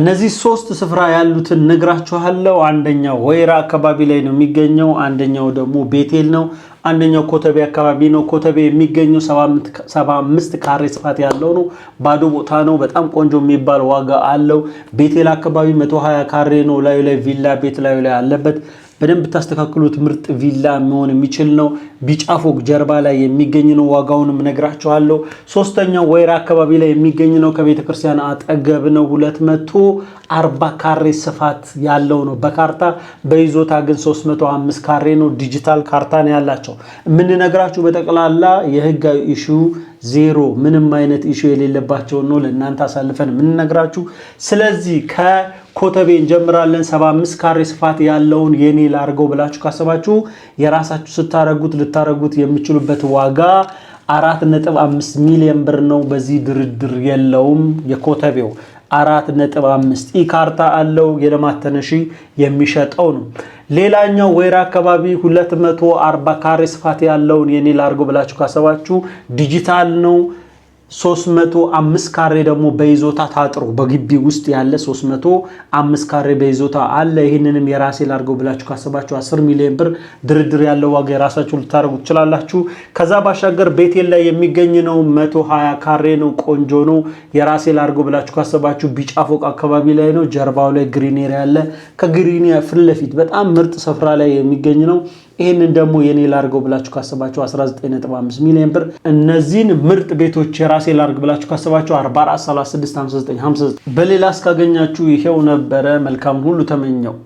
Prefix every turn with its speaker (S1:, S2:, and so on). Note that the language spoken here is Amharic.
S1: እነዚህ ሶስት ስፍራ ያሉትን ነግራችኋለሁ። አንደኛው ወይራ አካባቢ ላይ ነው የሚገኘው። አንደኛው ደግሞ ቤቴል ነው። አንደኛው ኮተቤ አካባቢ ነው። ኮተቤ የሚገኘው 75 ካሬ ስፋት ያለው ነው። ባዶ ቦታ ነው። በጣም ቆንጆ የሚባል ዋጋ አለው። ቤቴል አካባቢ 120 ካሬ ነው። ላዩ ላይ ቪላ ቤት ላዩ ላይ አለበት። በደንብ ብታስተካክሉት ምርጥ ቪላ መሆን የሚችል ነው። ቢጫ ፎቅ ጀርባ ላይ የሚገኝ ነው። ዋጋውንም ነግራችኋለሁ። ሶስተኛው ወይራ አካባቢ ላይ የሚገኝ ነው። ከቤተ ክርስቲያን አጠገብ ነው። ሁለት መቶ አርባ ካሬ ስፋት ያለው ነው በካርታ በይዞታ ግን 305 ካሬ ነው። ዲጂታል ካርታ ነው ያላቸው። የምንነግራችሁ በጠቅላላ የህግ ኢሹ ዜሮ ምንም አይነት ኢሹ የሌለባቸውን ነው ለእናንተ አሳልፈን የምንነግራችሁ። ስለዚህ ከኮተቤ እንጀምራለን። 75 ካሬ ስፋት ያለውን የኔ ላርገው ብላችሁ ካሰባችሁ የራሳችሁ ስታረጉት ልታረጉት የሚችሉበት ዋጋ አራት ነጥብ ሚሊዮን ብር ነው። በዚህ ድርድር የለውም የኮተቤው አራት ነጥብ አምስት ኢ ካርታ አለው የልማት ተነሺ የሚሸጠው ነው። ሌላኛው ወይራ አካባቢ 240 ካሬ ስፋት ያለውን የኔ ላርጎ ብላችሁ ካሰባችሁ ዲጂታል ነው 305 ካሬ ደግሞ በይዞታ ታጥሮ በግቢ ውስጥ ያለ 305 ካሬ በይዞታ አለ። ይህንንም የራሴ ላድርገው ብላችሁ ካሰባችሁ 10 ሚሊዮን ብር ድርድር ያለው ዋጋ የራሳችሁ ልታደርጉ ትችላላችሁ። ከዛ ባሻገር ቤቴል ላይ የሚገኝ ነው። 120 ካሬ ነው። ቆንጆ ነው። የራሴ ላድርገው ብላችሁ ካሰባችሁ ቢጫ ፎቅ አካባቢ ላይ ነው። ጀርባው ላይ ግሪን ያለ ከግሪኒያ ከግሪን ፊት ለፊት በጣም ምርጥ ስፍራ ላይ የሚገኝ ነው። ይህንን ደግሞ የኔ ላርገው ብላችሁ ካሰባችሁ 19.5 ሚሊዮን ብር፣ እነዚህን ምርጥ ቤቶች የራሴ ላርግ ብላችሁ ካሰባችሁ 44 36 59 59። በሌላ እስካገኛችሁ ይሄው ነበረ። መልካም ሁሉ ተመኘው።